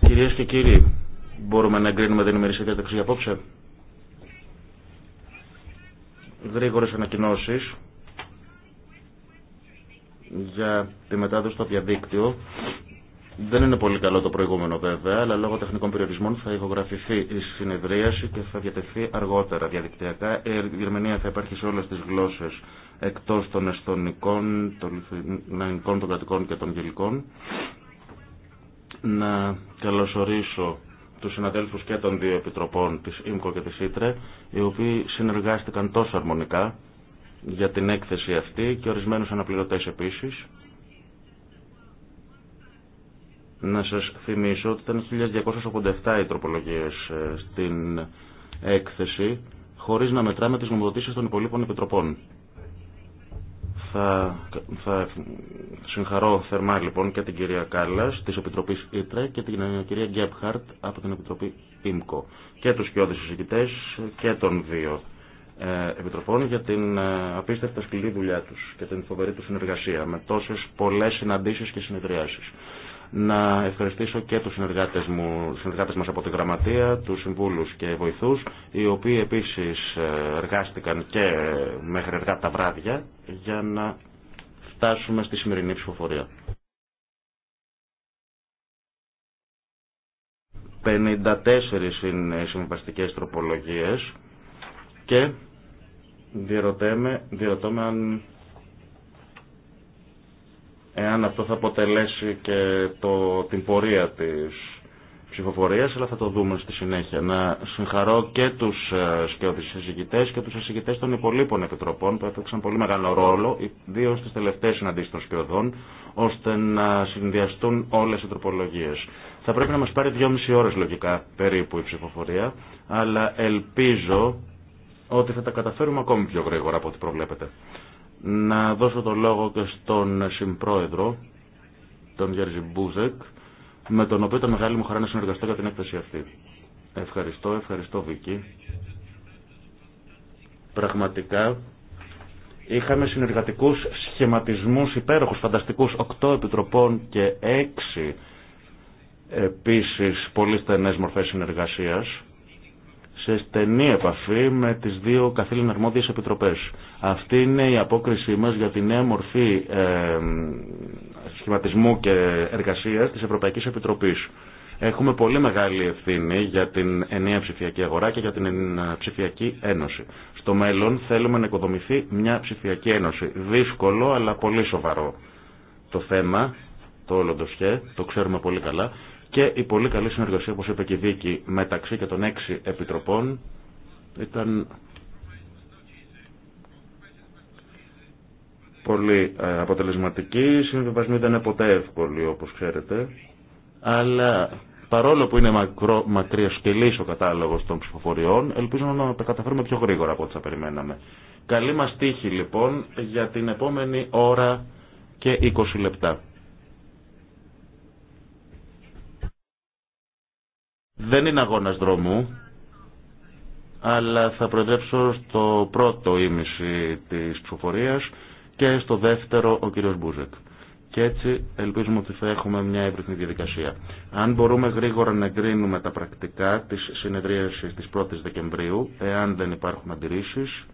Κυρίε και κύριοι, μπορούμε να εγκρίνουμε την ημερήσια διάταξη για απόψε. Γρήγορε ανακοινώσει. για τη μετάδοση στο διαδίκτυο. Δεν είναι πολύ καλό το προηγούμενο βέβαια, αλλά λόγω τεχνικών περιορισμών θα ηχογραφηθεί η συνεδρίαση και θα διατεθεί αργότερα διαδικτυακά. Η Γερμανία θα υπάρχει σε όλες τις γλώσσες εκτός των εστονικών, των λιθυνανικών, των κρατικών και των γελικών. Να καλωσορίσω τους συναδέλφους και των δύο επιτροπών της ΙΜΚΟ και της ΙΤΡΕ, οι οποίοι συνεργάστηκαν τόσο αρμονικά για την έκθεση αυτή και ορισμένους αναπληρωτές επίσης να σας θυμίσω ότι ήταν 1287 οι τροπολογίες ε, στην έκθεση, χωρίς να μετράμε τις νομοδοτήσεις των υπολείπων επιτροπών. Θα, θα συγχαρώ θερμά λοιπόν και την κυρία Κάλλα τη Επιτροπή Ήτρε και την ε, κυρία Γκέπχαρτ από την Επιτροπή ΙΜΚΟ και του κοιόδη συζητητέ και των δύο ε, επιτροπών για την απίστευτα σκληρή δουλειά του και την φοβερή του συνεργασία με τόσε πολλέ συναντήσει και συνεδριάσει να ευχαριστήσω και τους συνεργάτες, μου, συνεργάτες μας από τη Γραμματεία, τους συμβούλους και βοηθούς, οι οποίοι επίσης ε, εργάστηκαν και μέχρι εργά τα βράδια για να φτάσουμε στη σημερινή ψηφοφορία. 54 είναι οι συμβαστικές τροπολογίες και διερωτώ με αν εάν αυτό θα αποτελέσει και το, την πορεία της ψηφοφορίας, αλλά θα το δούμε στη συνέχεια. Να συγχαρώ και τους ε, σκέωτες και τους εισηγητές των υπολείπων επιτροπών που έφεξαν πολύ μεγάλο ρόλο, ιδίως στις τελευταίες συναντήσεις των σκεωδών, ώστε να συνδυαστούν όλες οι τροπολογίες. Θα πρέπει να μας πάρει δυόμιση ώρες λογικά περίπου η ψηφοφορία, αλλά ελπίζω ότι θα τα καταφέρουμε ακόμη πιο γρήγορα από ό,τι προβλέπετε. Να δώσω το λόγο και στον συμπρόεδρο, τον Γιέρζη Μπούζεκ, με τον οποίο ήταν μεγάλη μου χαρά να συνεργαστώ για την έκθεση αυτή. Ευχαριστώ, ευχαριστώ Βίκη. Πραγματικά είχαμε συνεργατικούς σχηματισμούς υπέροχους, φανταστικούς, 8 επιτροπών και 6 επίσης πολύ στενές μορφές συνεργασίας σε στενή επαφή με τις δύο καθήλυνα αρμόδιες επιτροπές. Αυτή είναι η απόκρισή μας για τη νέα μορφή σχηματισμού και εργασίας της Ευρωπαϊκής Επιτροπής. Έχουμε πολύ μεγάλη ευθύνη για την ενιαία ψηφιακή αγορά και για την ε, ψηφιακή ένωση. Στο μέλλον θέλουμε να οικοδομηθεί μια ψηφιακή ένωση. Δύσκολο αλλά πολύ σοβαρό το θέμα, το όλο το σχέ, το ξέρουμε πολύ καλά και η πολύ καλή συνεργασία, όπως είπε και η Δίκη, μεταξύ και των έξι επιτροπών ήταν πολύ ε, αποτελεσματική. Οι δεν ήταν ποτέ εύκολη, όπως ξέρετε, αλλά παρόλο που είναι μακρό, μακριοσκελής ο κατάλογος των ψηφοφοριών, ελπίζω να τα καταφέρουμε πιο γρήγορα από ό,τι θα περιμέναμε. Καλή μας τύχη λοιπόν για την επόμενη ώρα και 20 λεπτά. Δεν είναι αγώνας δρόμου, αλλά θα προεδρέψω στο πρώτο ίμιση της ψηφοφορίας και στο δεύτερο ο κύριος Μπούζεκ. Και έτσι ελπίζουμε ότι θα έχουμε μια εύρυθμη διαδικασία. Αν μπορούμε γρήγορα να εγκρίνουμε τα πρακτικά της συνεδρίασης της 1ης Δεκεμβρίου, εάν δεν υπάρχουν αντιρρήσεις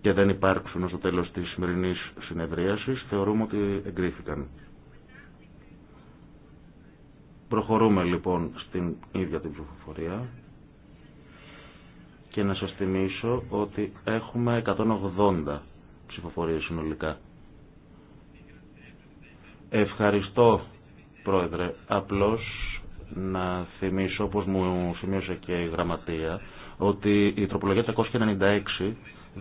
και δεν υπάρξουν στο τέλος της σημερινής συνεδρίασης, θεωρούμε ότι εγκρίθηκαν. Προχωρούμε λοιπόν στην ίδια την ψηφοφορία και να σας θυμίσω ότι έχουμε 180 ψηφοφορίες συνολικά. Ευχαριστώ Πρόεδρε. Απλώς να θυμίσω, όπως μου σημείωσε και η Γραμματεία, ότι η τροπολογία 396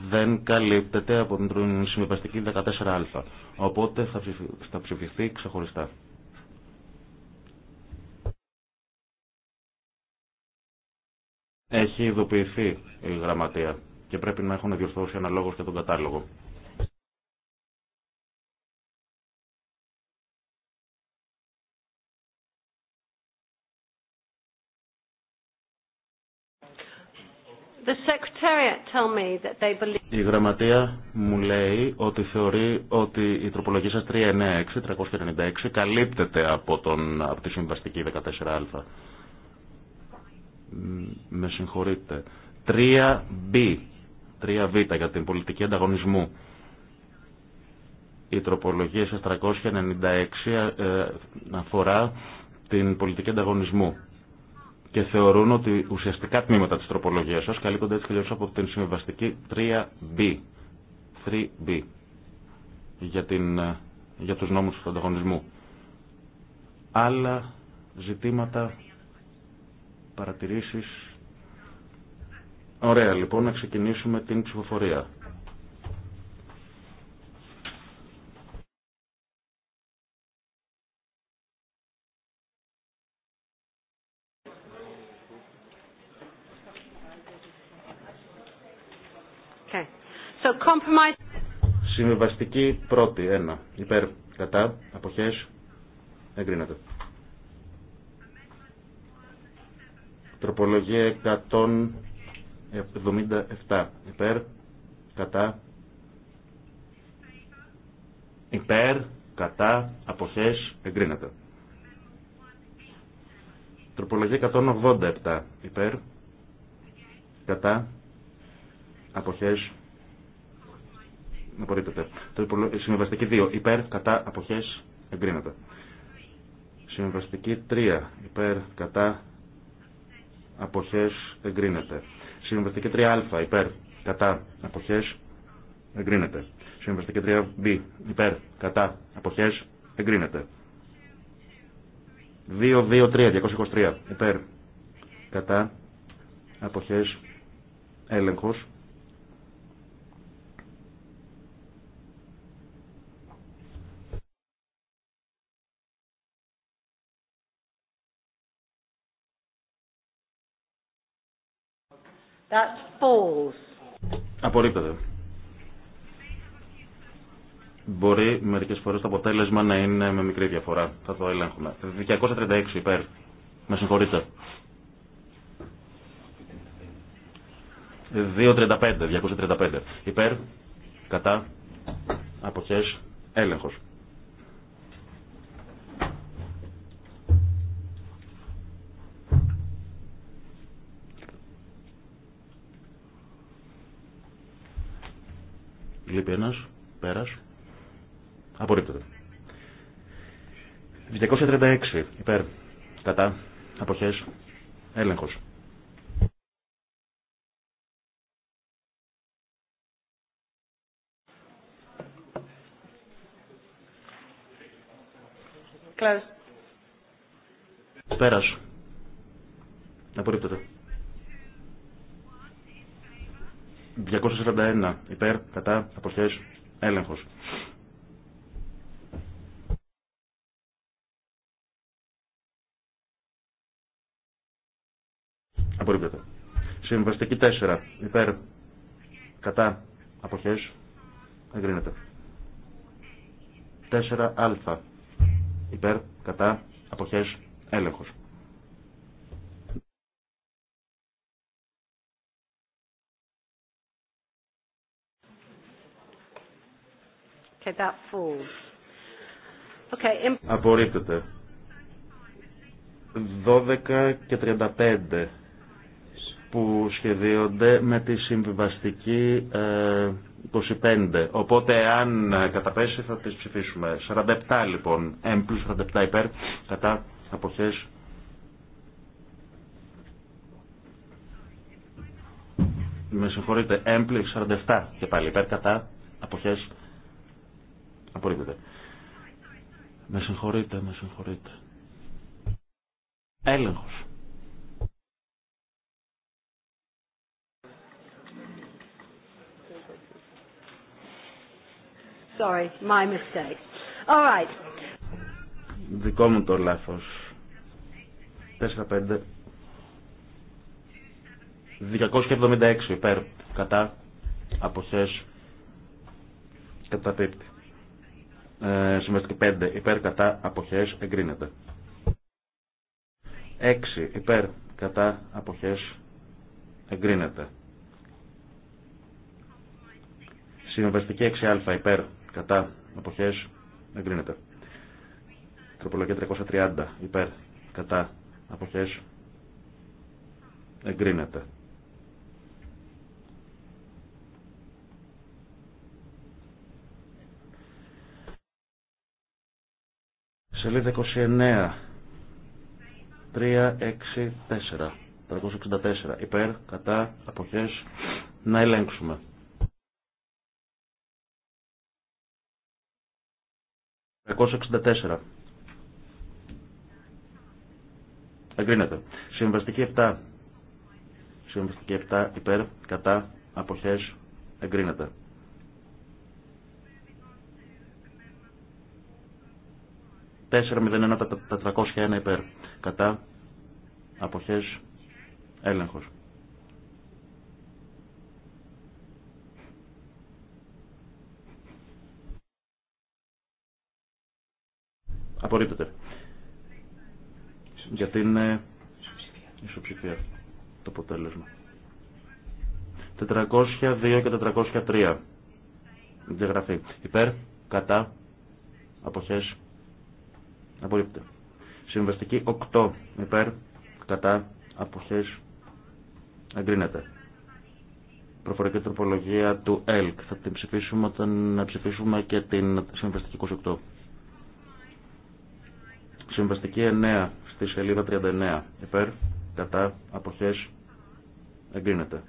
δεν καλύπτεται από την συμβιβαστική 14α. Οπότε θα ψηφιστεί ξεχωριστά. Έχει ειδοποιηθεί η γραμματεία και πρέπει να έχουν διορθώσει αναλόγως και τον κατάλογο. Η γραμματεία μου λέει ότι θεωρεί ότι η τροπολογία σας 396-396 καλύπτεται από, τον, από τη συμβαστική 14α συγχωρείτε. 3B. 3Β για την πολιτική ανταγωνισμού. Η τροπολογία σε 396 αφορά την πολιτική ανταγωνισμού και θεωρούν ότι ουσιαστικά τμήματα της τροπολογίας σας καλύπτονται έτσι και από την συμβαστική 3B. 3B για, την, ε, για τους νόμους του ανταγωνισμού. Άλλα ζητήματα, παρατηρήσεις Ωραία, λοιπόν, να ξεκινήσουμε την ψηφοφορία. Συμβιβαστική πρώτη, ένα. Υπέρ, κατά, αποχές, εγκρίνεται. Τροπολογία 100. 77 υπέρ, κατά, υπέρ, κατά, αποχές, εγκρίνεται. Τροπολογία 187 υπέρ, κατά, αποχές, απορρίπτεται. Ε, συμβαστική 2 υπέρ, κατά, αποχές, εγκρίνεται. Συμβαστική 3 υπέρ, κατά, αποχές, εγκρίνεται. Συμβαστική 3α υπέρ κατά αποχές εγκρίνεται. Συμβαστική 3b υπέρ κατά αποχές εγκρίνεται. 2-2-3, 223 υπέρ κατά αποχές έλεγχος That Απορρίπτεται. Μπορεί μερικές φορές το αποτέλεσμα να είναι με μικρή διαφορά. Θα το ελέγχουμε. 236 υπέρ. Με συγχωρείτε. 235, 235. Υπέρ, κατά, αποχές, έλεγχος. Λείπει ένας. Πέρας. Απορρίπτεται. 236. Υπέρ. Κατά. Αποχές. Έλεγχος. Κλάς. Πέρας. Απορρίπτεται. 241 υπέρ, κατά, αποχές, έλεγχος. Απορρίπτεται. Συμβαστική 4 υπέρ, κατά, αποχές, εγκρίνεται. 4α υπέρ, κατά, αποχές, έλεγχος. Okay, Απορρίπτεται. 12 και 35 που σχεδίονται με τη συμβιβαστική 25. Ε, Οπότε αν καταπέσει θα τις ψηφίσουμε. 47 λοιπόν. M 47 υπέρ. Κατά αποχές. Με συγχωρείτε. M 47 και πάλι υπέρ. Κατά αποχές. Απορρίπτεται. Με συγχωρείτε, με συγχωρείτε. Έλεγχος. Sorry, my mistake. All right. Δικό μου το λάθος. 4-5. 276 υπέρ. Κατά. Αποχές. Καταπίπτει συμβαστική 5 υπέρ κατά αποχές εγκρίνεται. 6 υπέρ κατά αποχές εγκρίνεται. Συμβαστική 6α υπέρ κατά αποχές εγκρίνεται. Τροπολογία 330 υπέρ κατά αποχές εγκρίνεται. Σελίδα 29. 364. 364. Υπέρ, κατά, αποχές, να ελέγξουμε. Εγκρίνεται. Συμβαστική 7. Συμβαστική 7 υπέρ, κατά, αποχές, εγκρίνεται. 401 τα 401 υπέρ. Κατά. Αποχές. Έλεγχος. Απορρίπτεται. Γιατί είναι ισοψηφία το αποτέλεσμα. 402 και 403. Διαγραφή. Υπέρ. Κατά. Αποχές. Απορρίπτεται. Συμβαστική 8 υπέρ κατά αποχές εγκρίνεται. Προφορική τροπολογία του ΕΛΚ. Θα την ψηφίσουμε όταν ψηφίσουμε και την συμβαστική 28. Συμβαστική 9 στη σελίδα 39 υπέρ κατά αποχές εγκρίνεται.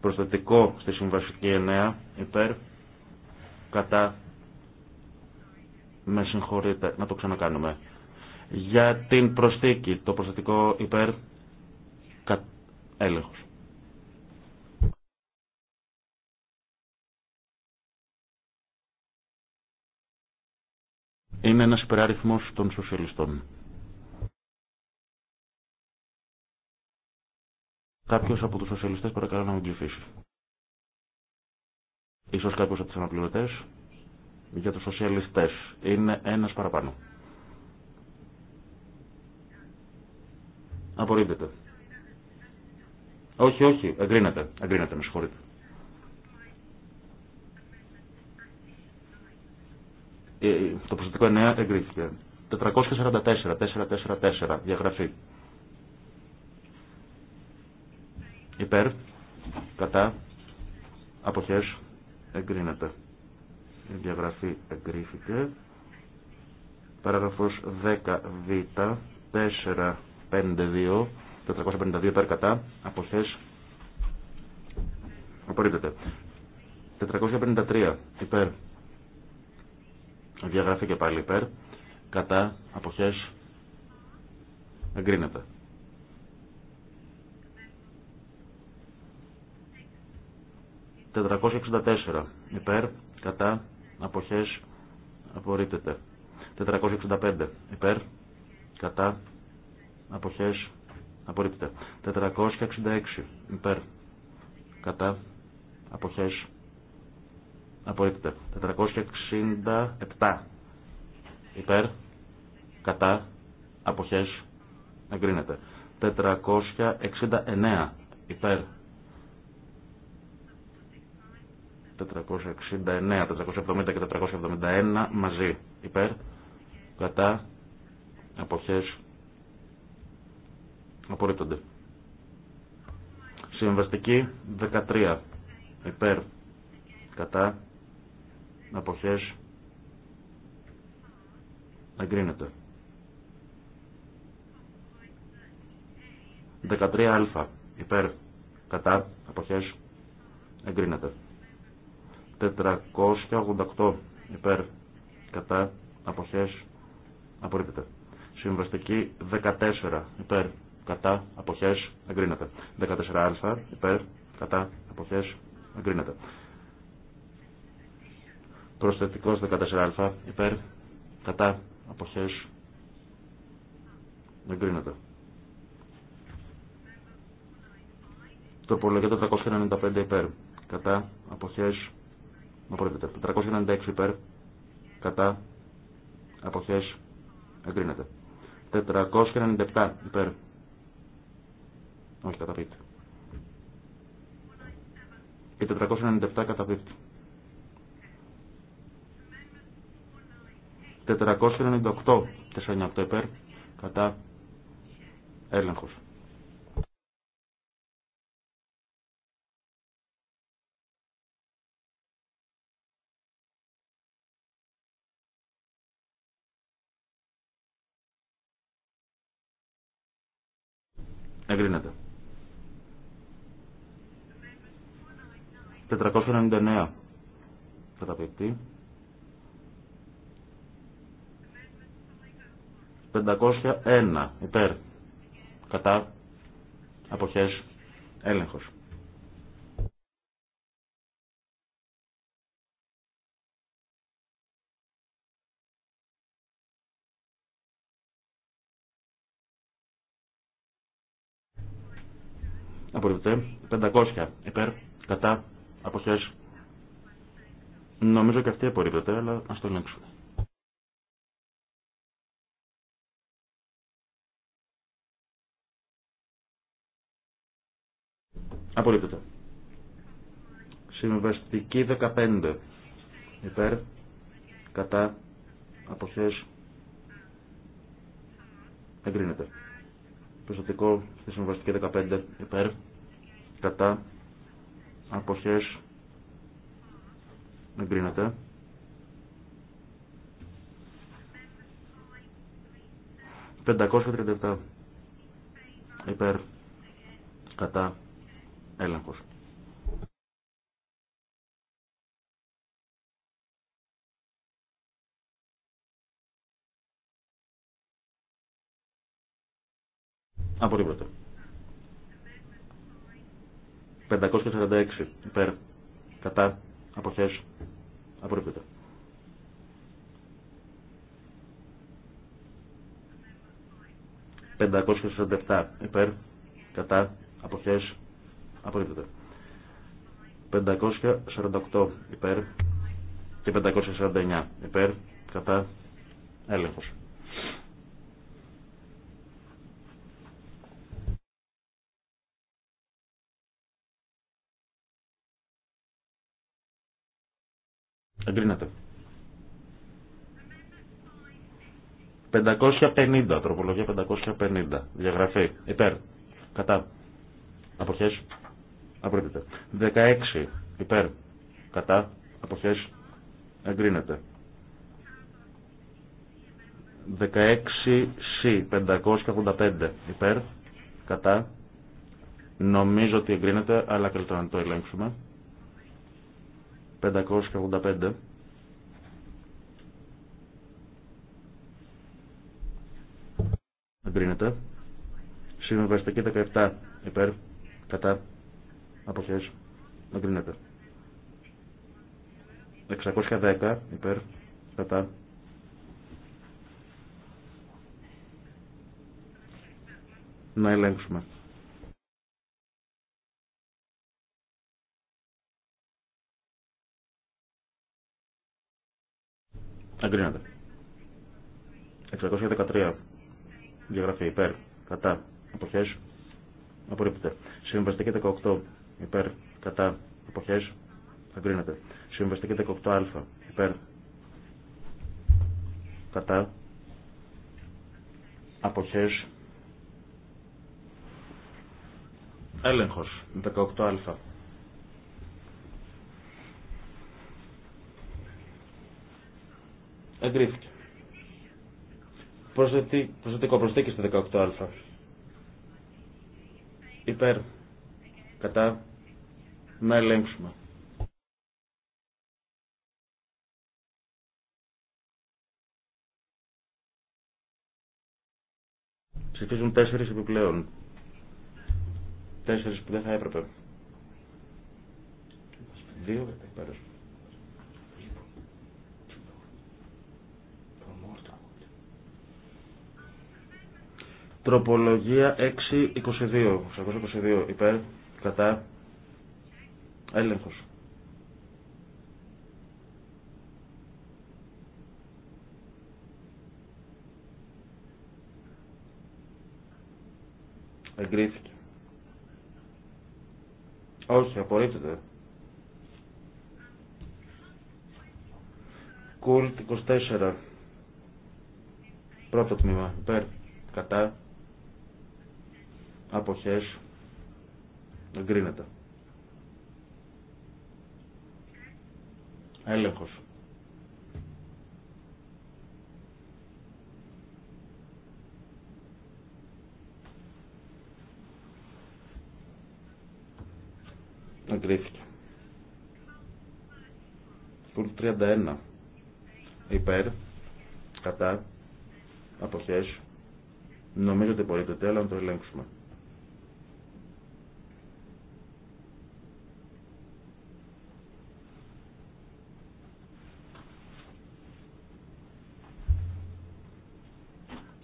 Προστατικό στη συμβαστική 9 υπέρ κατά με συγχωρείτε, να το ξανακάνουμε. Για την προσθήκη, το προσθετικό υπέρ κα... έλεγχος. Είναι ένας υπεράριθμος των σοσιαλιστών. Κάποιος από τους σοσιαλιστές παρακαλώ να μην ψηφίσει. Ίσως κάποιος από τους αναπληρωτές για τους σοσιαλιστές. Είναι ένας παραπάνω. Απορρίπτεται. Όχι, όχι, εγκρίνεται. Εγκρίνεται, με συγχωρείτε. Ε, ε, το προσθετικό 9 εγκρίθηκε. 444, 444, διαγραφή. Υπέρ, κατά, αποχές, εγκρίνεται. Η διαγραφή εγκρίθηκε. Παραγραφός 10β, 452, 452 υπέρ κατά, αποχές, απορρίπτεται. 453 υπέρ, διαγραφή και πάλι υπέρ, κατά, αποχές, εγκρίνεται. «464 υπέρ, κατά, αποχές απορρίπτεται. 465 υπέρ, κατά, αποχές απορρίπτεται. 466 υπέρ, κατά, αποχές απορρίπτεται. 467 υπέρ, κατά, αποχές εγκρίνεται. 469 υπέρ, 469, 470 και 471 μαζί. Υπέρ, κατά, αποχές, απορρίπτονται. Συμβαστική 13. Υπέρ, κατά, αποχές, εγκρίνεται. 13α. Υπέρ, κατά, αποχές, εγκρίνεται. 488 υπέρ κατά αποχές απορρίπτεται. Συμβαστική 14 υπέρ κατά αποχές εγκρίνεται. 14α υπέρ κατά αποχές εγκρίνεται. Προσθετικός 14α υπέρ κατά αποχές εγκρίνεται. Τροπολογία 395 υπέρ κατά αποχές 496 υπέρ. Κατά. Αποχές. Εγκρίνεται. 497 υπέρ. Όχι, καταπίπτει. Και 497 καταπίπτει. 498 498 υπέρ. Κατά. Έλεγχος. Εγκρίνεται. 499. Καταπληκτή. 501. Υπέρ. Κατά. Αποχές. Έλεγχος. απορριπτέ. 500 υπέρ, κατά, αποχές. Νομίζω και αυτή απορρίπτεται, αλλά ας το ελέγξουμε. Απορρίπτεται. Συμβαστική 15. Υπέρ, κατά, αποχές, εγκρίνεται. Προστατικό στη συμβαστική 15. Υπέρ, κατά αποχές εγκρίνεται. Πεντακόσια υπέρ κατά έλεγχος. Από την πρώτη. 546 υπέρ κατά αποχές απορρίπτεται. ...547 υπέρ, κατά, αποχές, απορρίπτεται. 548 υπέρ και 549 υπέρ, κατά, έλεγχος. Εγκρίνεται. 550, τροπολογία 550, διαγραφή, υπέρ, κατά, αποχές, απορρίπτεται. 16, υπέρ, κατά, αποχές, εγκρίνεται. 16C, 585, υπέρ, κατά, νομίζω ότι εγκρίνεται, αλλά καλύτερα να το ελέγξουμε. 585 εγκρίνεται συμβιβαστική 17 υπέρ κατά αποχές εγκρίνεται 610 υπέρ κατά να ελέγξουμε Αγκρίνεται. 613. Διαγραφή υπέρ. Κατά. Αποχές. Απορρίπτεται. Συμβαστική 18. Υπέρ. Κατά. Αποχές. Εγκρίνεται. Συμβαστική 18α. Υπέρ. Κατά. Αποχές. Έλεγχος. 18α. Εγκρίθηκε. Προσθετικό προσθήκη στο 18α. Υπέρ. Κατά. Να ελέγξουμε. Ψηφίζουν τέσσερις επιπλέον. Τέσσερις που δεν θα έπρεπε. Δύο, πέρασαν. Τροπολογία 622. 622 υπέρ, κατά, έλεγχος. Εγκρίθηκε. Όχι, απορρίπτεται. Κουλτ 24. Πρώτο τμήμα. Υπέρ. Κατά αποχές εγκρίνεται. Έλεγχος. Εγκρίθηκε. Πουλ 31. Υπέρ. Κατά. Αποχές. Νομίζω ότι μπορείτε τέλος να το ελέγξουμε.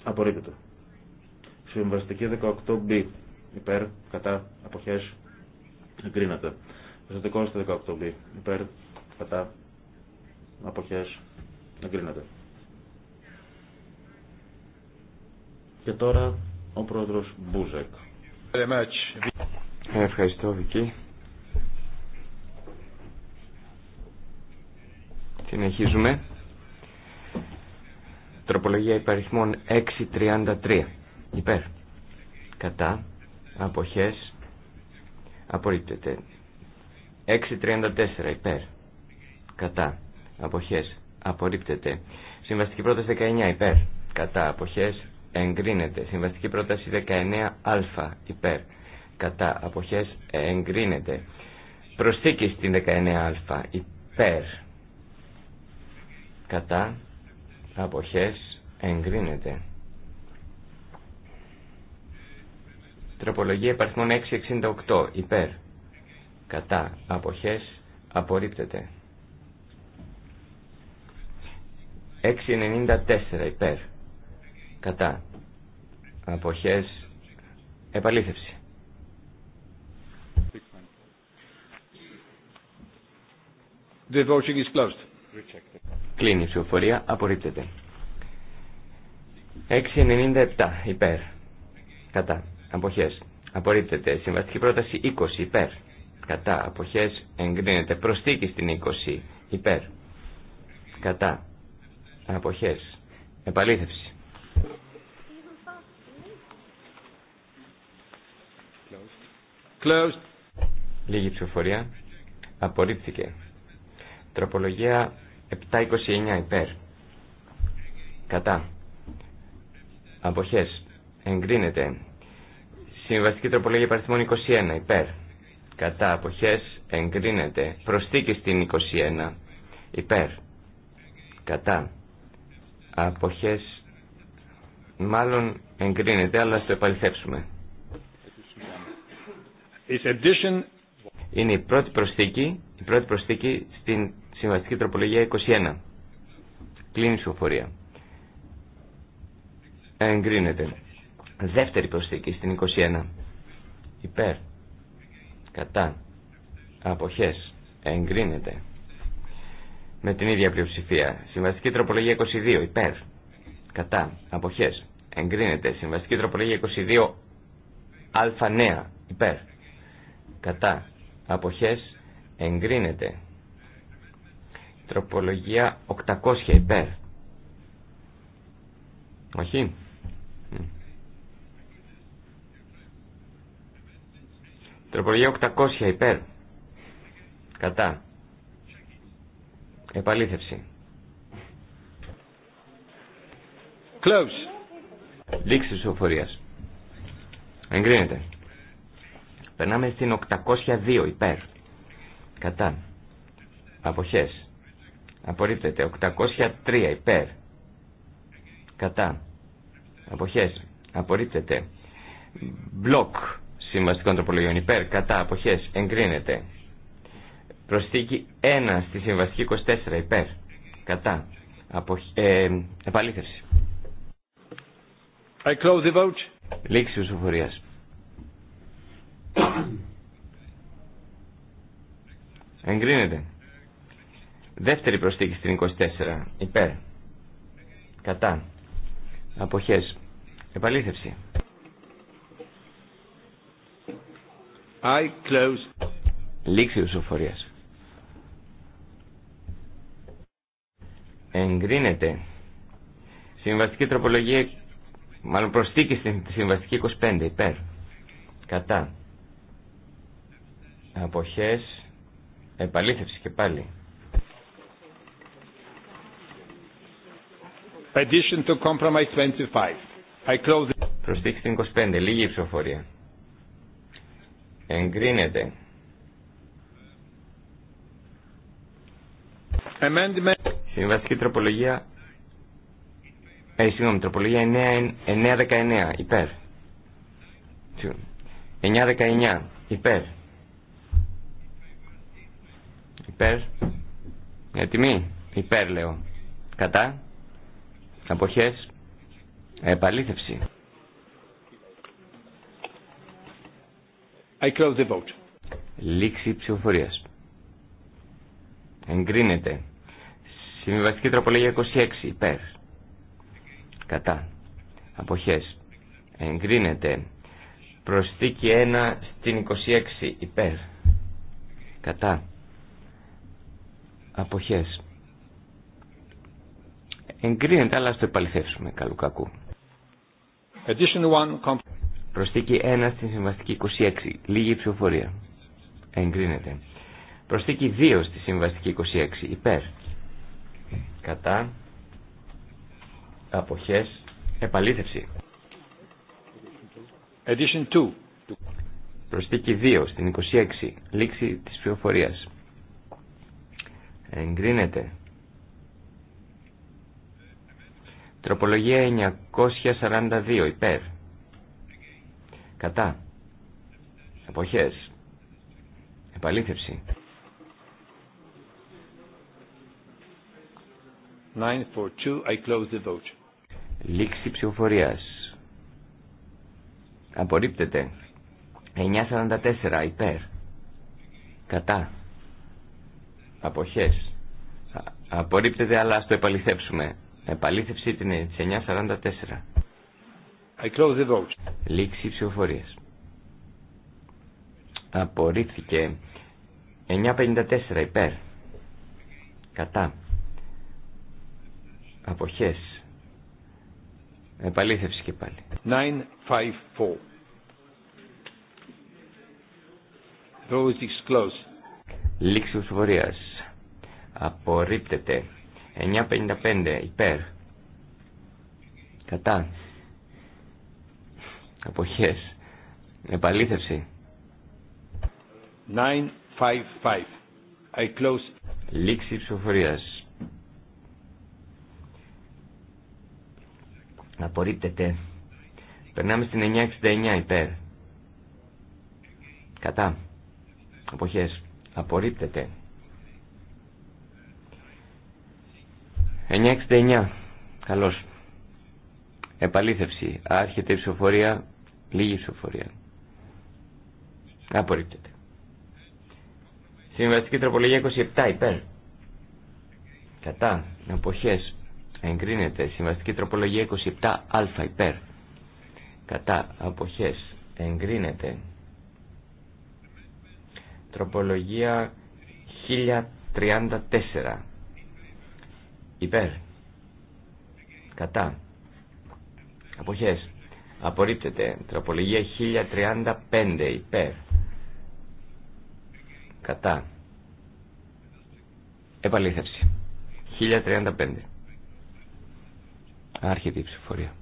Απορρίπτεται. Συμβαστική 18B. Υπέρ, κατά, αποχές, εγκρίνεται. Προστατικό 18B. Υπέρ, κατά, αποχές, εγκρίνεται. Και τώρα ο πρόεδρος Μπούζεκ. Ευχαριστώ Βική. Συνεχίζουμε. Τροπολογία υπαριθμών 633. Υπέρ. Κατά. Αποχές. Απορρίπτεται. 634. Υπέρ. Κατά. Αποχές. Απορρίπτεται. Συμβαστική πρόταση 19. Υπέρ. Κατά. Αποχές. Εγκρίνεται. Συμβαστική πρόταση 19α. Υπέρ. Κατά. Αποχές. Εγκρίνεται. Προσθήκη στην 19α. Υπέρ. Κατά αποχές εγκρίνεται. Τροπολογία υπαριθμών 668 υπέρ κατά αποχές απορρίπτεται. 694 υπέρ κατά αποχές επαλήθευση. The is closed. Rejected. Κλείνει η ψηφοφορία. Απορρίπτεται. 697 υπέρ. Κατά. Αποχές. Απορρίπτεται. Συμβαστική πρόταση 20 υπέρ. Κατά. απόχέ. Εγκρίνεται. Προστίκη στην 20 υπέρ. Κατά. Αποχέ. Επαλήθευση. Λίγη ψηφοφορία. Απορρίπτηκε. Τροπολογία 729 υπέρ. Κατά. Αποχές. Εγκρίνεται. Συμβαστική τροπολογία παριθμών 21 υπέρ. Κατά. Αποχές. Εγκρίνεται. Προσθήκη στην 21 υπέρ. Κατά. Αποχές. Μάλλον εγκρίνεται, αλλά στο επαληθεύσουμε. Είναι η πρώτη προσθήκη η πρώτη προστίκη στην Συμβαστική τροπολογία 21. Κλείνει η σοφορία. Εγκρίνεται. Δεύτερη προσθήκη στην 21. Υπέρ. Κατά. Αποχές. Εγκρίνεται. Με την ίδια πλειοψηφία. Συμβαστική τροπολογία 22. Υπέρ. Κατά. Αποχές. Εγκρίνεται. Συμβαστική τροπολογία 22. Α νέα. Υπέρ. Κατά. Αποχές. Εγκρίνεται. Τροπολογία 800 υπέρ. Όχι. Τροπολογία 800 υπέρ. Κατά. Επαλήθευση. Close. Λήξη της οφορίας. Εγκρίνεται. Περνάμε στην 802 υπέρ. Κατά. Αποχές. Απορρίπτεται. 803 υπέρ. Κατά. Αποχές. Απορρίπτεται. Μπλοκ συμβαστικών τροπολογιών υπέρ. Κατά. Αποχές. Εγκρίνεται. Προσθήκη 1 στη συμβαστική 24 υπέρ. Κατά. Απο... Ε, επαλήθευση. I close the vote. Λήξη ουσοφορίας. Εγκρίνεται. Δεύτερη προσθήκη στην 24. Υπέρ. Κατά. Αποχές. Επαλήθευση. I close. Λήξη ουσοφορίας. Εγκρίνεται. Συμβαστική τροπολογία, μάλλον προσθήκη στην συμβαστική 25, υπέρ. Κατά. Αποχές, επαλήθευση και πάλι. Addition to compromise 25. I close it. Προσθήκη στην 25. Λίγη ψηφοφορία. Εγκρίνεται. Amendment. Συμβαστική τροπολογία. Ε, συγγνώμη, τροπολογία 9-19. Υπέρ. 9-19. Υπέρ. Υπέρ. Ετοιμή. Υπέρ λέω. Κατά. Αποχές. Επαλήθευση. I close the vote. Λήξη ψηφοφορίας. Εγκρίνεται. Συμβιβαστική τροπολογία 26. Υπέρ. Κατά. Αποχές. Εγκρίνεται. Προσθήκη 1 στην 26. Υπέρ. Κατά. Αποχές. Εγκρίνεται, αλλά ας το επαληθεύσουμε καλού κακού. Προσθήκη 1 στη συμβαστική 26. Λίγη ψηφοφορία. Εγκρίνεται. Προσθήκη 2 στη συμβαστική 26. Υπέρ. Κατά. Αποχές. Επαλήθευση. Edition 2. Προσθήκη 2 στην 26. Λήξη της ψηφοφορίας. Εγκρίνεται. Τροπολογία 942 υπέρ. Κατά. Εποχές. Επαλήθευση. 942, I close the vote. Λήξη ψηφοφορίας. Απορρίπτεται. 944 υπέρ. Κατά. Αποχές. Απορρίπτεται αλλά ας το επαληθεύσουμε. Επαλήθευση την 944. I close the vote. Λήξη ψηφοφορίας. Απορρίφθηκε 954 υπέρ. Κατά. Αποχές. Επαλήθευση και πάλι. 954. Λήξη ψηφοφορία. Απορρίπτεται. 9.55 υπέρ. Κατά. Αποχές. Επαλήθευση. 9.55. I close. Λήξη ψηφοφορίας. Απορρίπτεται. Περνάμε στην 9.69 υπέρ. Κατά. Αποχές. Απορρίπτεται. 969. Καλώς. Επαλήθευση. Άρχεται η ψηφοφορία. Λίγη ψηφοφορία. Απορρίπτεται. Συμβαστική τροπολογία 27. Υπέρ. εποχές Αποχές. Εγκρίνεται. Συμβαστική τροπολογία 27α. Υπέρ. Κατά. απόχέ Εγκρίνεται. Τροπολογία 1034 υπέρ κατά αποχές απορρίπτεται τροπολογία 1035 υπέρ κατά επαλήθευση 1035 άρχεται η ψηφορία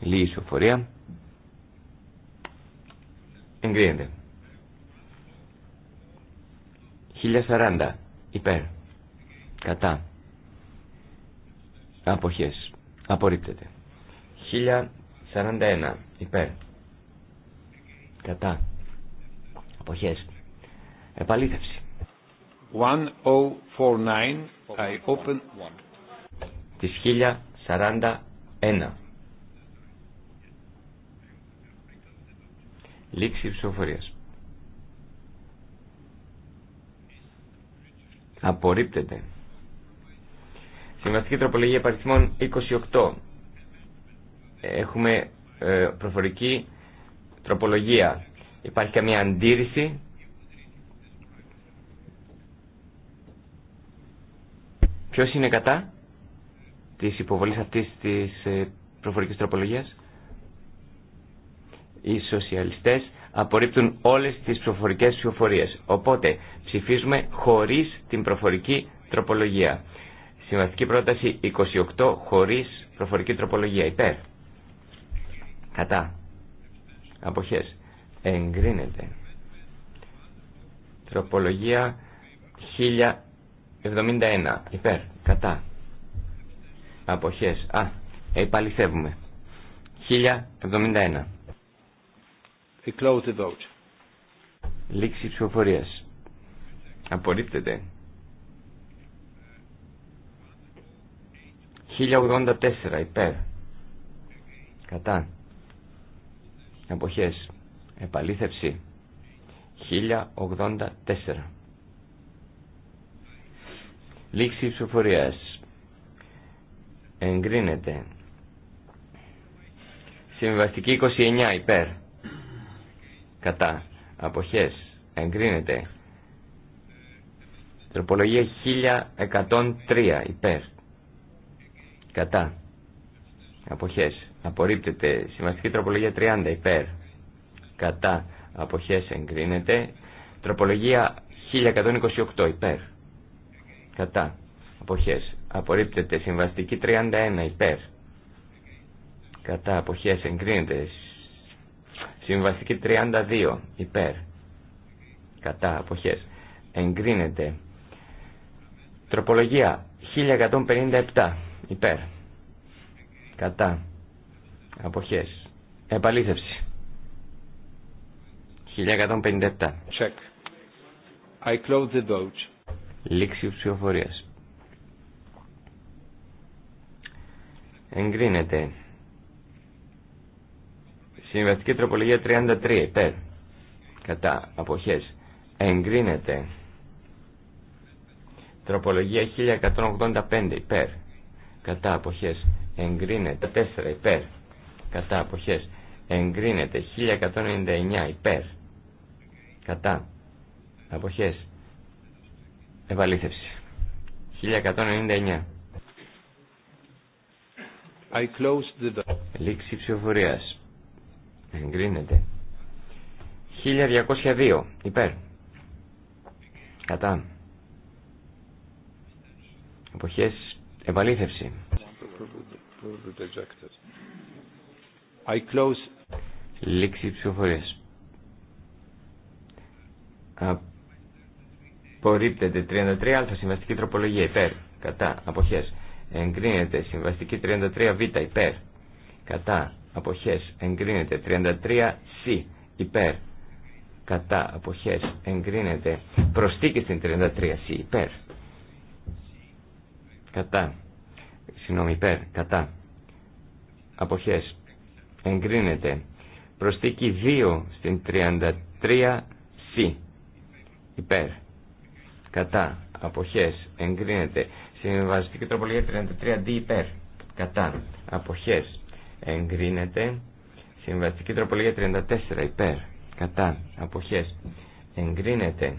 λίγη ψηφοφορία. εγκρίνεται 1040 υπέρ κατά Αποχές. Απορρίπτεται. 1041. Υπέρ. Κατά. Αποχές. Επαλήθευση. 1049. I open one. Της 1041. Λήξη ψηφοφορίας. Απορρίπτεται. Συμβαστική τροπολογία παριθμών 28. Έχουμε ε, προφορική τροπολογία. Υπάρχει καμία αντίρρηση. Ποιο είναι κατά της υποβολής αυτής της ε, προφορικής τροπολογίας. Οι σοσιαλιστές απορρίπτουν όλες τις προφορικές ψηφοφορίε. Οπότε ψηφίζουμε χωρίς την προφορική τροπολογία. Συμβατική πρόταση 28 χωρίς προφορική τροπολογία. Υπέρ. Κατά. Αποχές. Εγκρίνεται. Τροπολογία 1071. Υπέρ. Κατά. Αποχές. Α. Επαληθεύουμε. 1071. vote. Λήξη ψηφοφορίας. Απορρίπτεται. 1084 υπέρ. Κατά. Εποχές. Επαλήθευση. 1084. Λήξη ψηφοφορίας. Εγκρίνεται. Συμβαστική 29 υπέρ. Κατά. Αποχές. Εγκρίνεται. Τροπολογία 1103 υπέρ κατά αποχές απορρίπτεται συμβαστική τροπολογία 30 υπέρ κατά αποχές εγκρίνεται τροπολογία 1128 υπέρ κατά αποχές απορρίπτεται συμβαστική 31 υπέρ κατά αποχές εγκρίνεται συμβαστική 32 υπέρ κατά αποχές εγκρίνεται τροπολογία 1157 Υπέρ. Κατά. Αποχές. Επαλήθευση. 1157. Check. I close the vote. Λήξη ψηφοφορίας. Εγκρίνεται. Συμβαστική τροπολογία 33. Υπέρ. Κατά. Αποχές. Εγκρίνεται. Τροπολογία 1185. Υπέρ κατά αποχές εγκρίνεται 4 υπέρ κατά αποχές εγκρίνεται 1199 υπέρ κατά αποχές ευαλήθευση 1199 I close the door. Λήξη ψηφοφορίας. Εγκρίνεται. 1202. Υπέρ. Κατά. Εποχές Επαλήθευση. close. Λήξη ψηφοφορια Απορρίπτεται 33 α συμβαστική τροπολογία υπέρ. Κατά. Αποχές. Εγκρίνεται συμβαστική 33 β υπέρ. Κατά. Αποχές. Εγκρίνεται 33 33c υπέρ. Κατά. απόχέ. Εγκρίνεται. Προστίκη στην 33 c υπέρ κατά, συγγνώμη, υπέρ, κατά, αποχές, εγκρίνεται. Προστίκη 2 στην 33 C, υπέρ, κατά, αποχές, εγκρίνεται. Συμβαστική τροπολογία 33 D, υπέρ, κατά, αποχές, εγκρίνεται. Συμβαστική τροπολογία 34 υπέρ, κατά, αποχές, εγκρίνεται.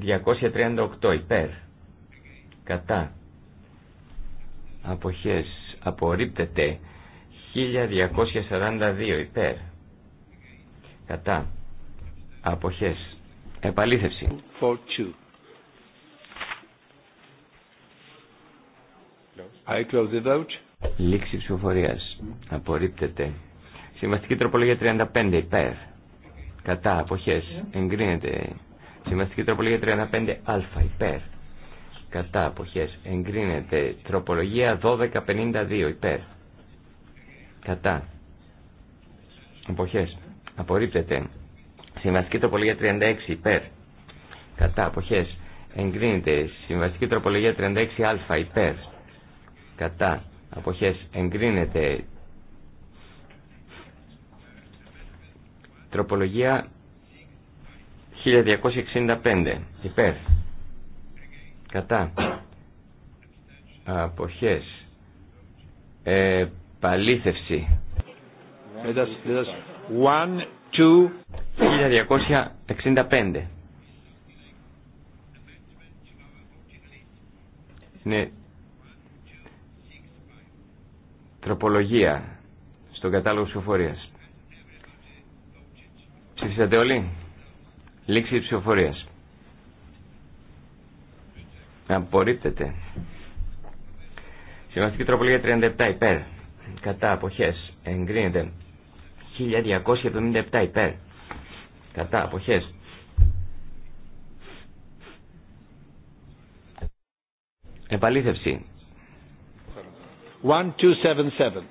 1238 υπέρ, κατά αποχές απορρίπτεται 1242 υπέρ κατά αποχές επαλήθευση 42 Λήξη ψηφοφορία. Απορρίπτεται. Συμβαστική τροπολογία 35 υπέρ. Κατά αποχέ. Εγκρίνεται. Συμβαστική τροπολογία 35α υπέρ κατά αποχές εγκρίνεται τροπολογία 1252 υπέρ κατά αποχές απορρίπτεται συμβαστική τροπολογία 36 υπέρ κατά αποχές εγκρίνεται συμβαστική τροπολογία 36α υπέρ κατά αποχές εγκρίνεται τροπολογία 1265 υπέρ κατά αποχές ε, παλήθευση 1265 είναι τροπολογία στον κατάλογο ψηφοφορίας ψηφίσατε όλοι λήξη ψηφοφορίας Απορρίπτεται. Συμβαστική τροπολογία 37 υπέρ. Κατά αποχές εγκρίνεται. 1277 υπέρ. Κατά αποχές. Επαλήθευση. 1277.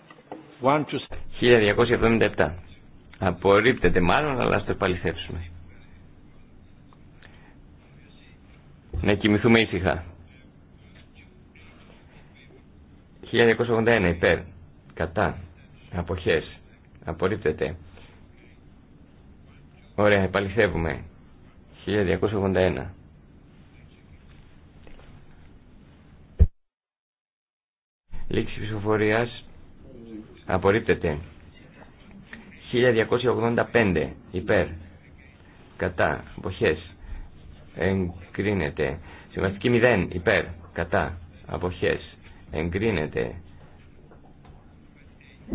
1277. Απορρίπτεται μάλλον, αλλά το επαληθεύσουμε. να κοιμηθούμε ήσυχα. 1281 υπέρ, κατά, αποχές, απορρίπτεται. Ωραία, επαληθεύουμε. 1281. Λήξη ψηφοφορίας, απορρίπτεται. 1285 υπέρ. Κατά. Αποχές εγκρίνεται. Συμβαστική 0 υπέρ κατά αποχές εγκρίνεται.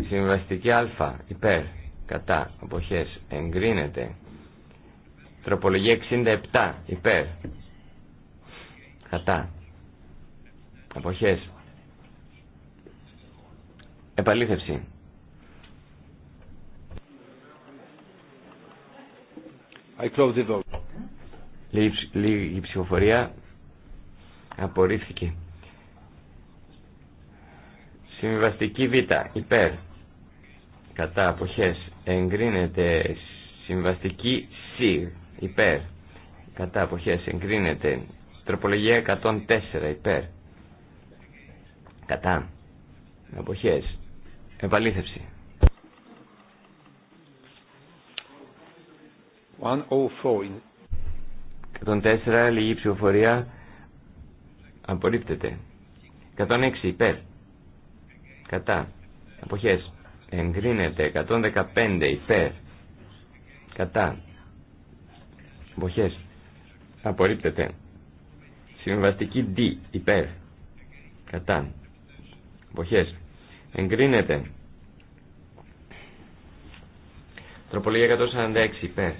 Συμβαστική α υπέρ κατά αποχές εγκρίνεται. Τροπολογία 67 υπέρ κατά αποχές επαλήθευση. I close Λίγη ψηφοφορία απορρίφθηκε. Συμβαστική Β υπέρ κατά αποχές εγκρίνεται συμβαστική Σ υπέρ κατά αποχές εγκρίνεται τροπολογία 104 υπέρ κατά αποχές επαλήθευση 104 104 λίγη ψηφοφορία απορρίπτεται. 106 υπέρ. Κατά. Αποχές. Εγκρίνεται. 115 υπέρ. Κατά. Αποχές. Απορρίπτεται. Συμβαστική D υπέρ. Κατά. Αποχές. Εγκρίνεται. Τροπολογία 146 υπέρ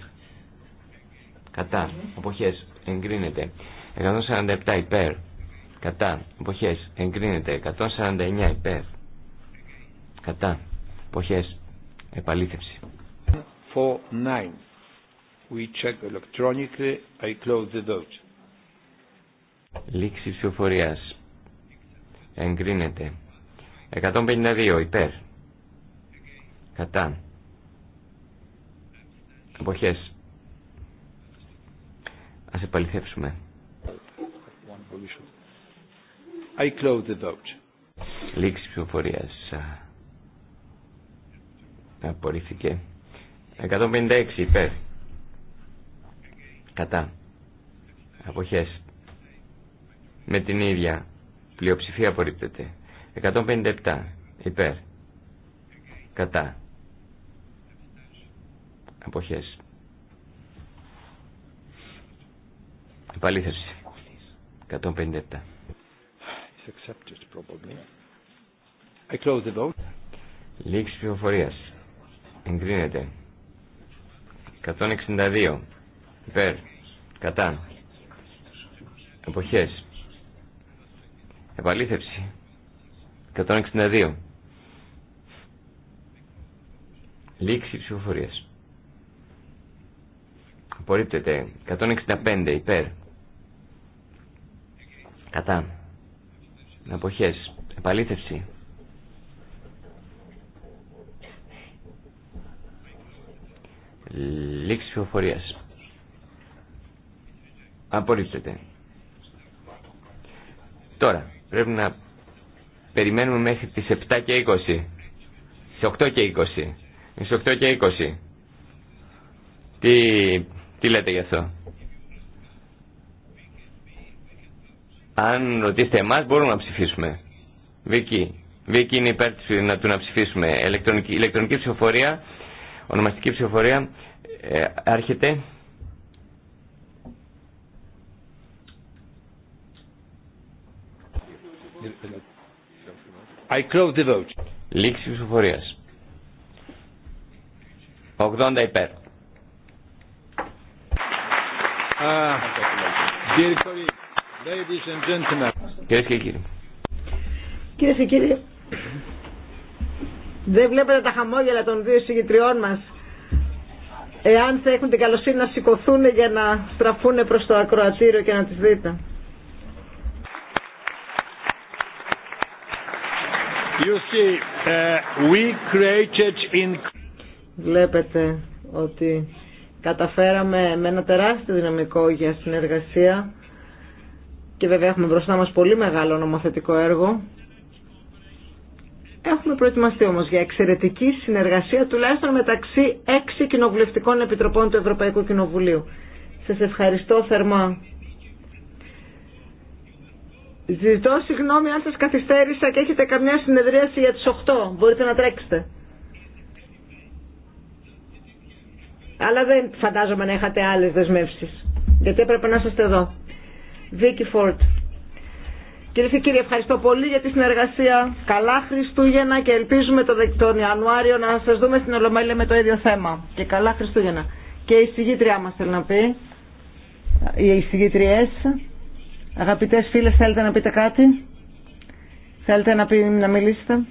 κατά, αποχές, εγκρίνεται. 147 υπέρ, κατά, αποχές, εγκρίνεται. 149 υπέρ, κατά, αποχές, επαλήθευση. We check electronically. I close the vote. Λήξη ψηφοφορίας. Εγκρίνεται. 152 υπέρ. Κατά. Εποχές ας επαληθεύσουμε. I close the Λήξη ψηφοφορίας. Απορρίφθηκε. 156 υπέρ. Κατά. Αποχές. Με την ίδια πλειοψηφία απορρίπτεται. 157 υπέρ. Κατά. Αποχές. Επαλήθευση. 157. Λήξη ψηφοφορία. Εγκρίνεται. 162. Υπέρ. Κατά. Εποχές. Επαλήθευση. 162. Λήξη ψηφοφορία. Απορρίπτεται. 165. Υπέρ. Κατά. εποχές Επαλήθευση. Λήξη ψηφοφορίας. Απορρίπτεται. Τώρα, πρέπει να περιμένουμε μέχρι τις 7 και 20. Στις 8 και 20. Στις 8 και 20. Τι, τι λέτε γι' αυτό. Αν ρωτήσετε εμά, μπορούμε να ψηφίσουμε. Βίκυ. Βίκυ είναι υπέρ του να ψηφίσουμε. Ηλεκτρονική, ηλεκτρονική ψηφοφορία, ονομαστική ψηφοφορία, ε, άρχεται. I close the vote. Λήξη ψηφοφορία. 80 υπέρ. Uh, Κυρίε και κύριοι. και κύριοι. Δεν βλέπετε τα χαμόγελα των δύο συγκεκριών μας. Εάν θα έχουν την καλοσύνη να σηκωθούν για να στραφούν προς το ακροατήριο και να τις δείτε. You see, uh, we created in... Βλέπετε ότι καταφέραμε με ένα τεράστιο δυναμικό για συνεργασία και βέβαια έχουμε μπροστά μας πολύ μεγάλο νομοθετικό έργο. Έχουμε προετοιμαστεί όμως για εξαιρετική συνεργασία τουλάχιστον μεταξύ έξι κοινοβουλευτικών επιτροπών του Ευρωπαϊκού Κοινοβουλίου. Σας ευχαριστώ θερμά. Ζητώ συγγνώμη αν σας καθυστέρησα και έχετε καμιά συνεδρίαση για τις 8. Μπορείτε να τρέξετε. Αλλά δεν φαντάζομαι να είχατε άλλες δεσμεύσεις. Γιατί έπρεπε να είστε εδώ. Βίκυ Φόρτ. Κυρίε και κύριοι, ευχαριστώ πολύ για τη συνεργασία. Καλά Χριστούγεννα και ελπίζουμε τον Ιανουάριο να σα δούμε στην Ολομέλεια με το ίδιο θέμα. Και καλά Χριστούγεννα. Και η συγγήτριά μα θέλει να πει. Οι συγγήτριέ. Αγαπητέ φίλε, θέλετε να πείτε κάτι. Θέλετε να, πει, να μιλήσετε.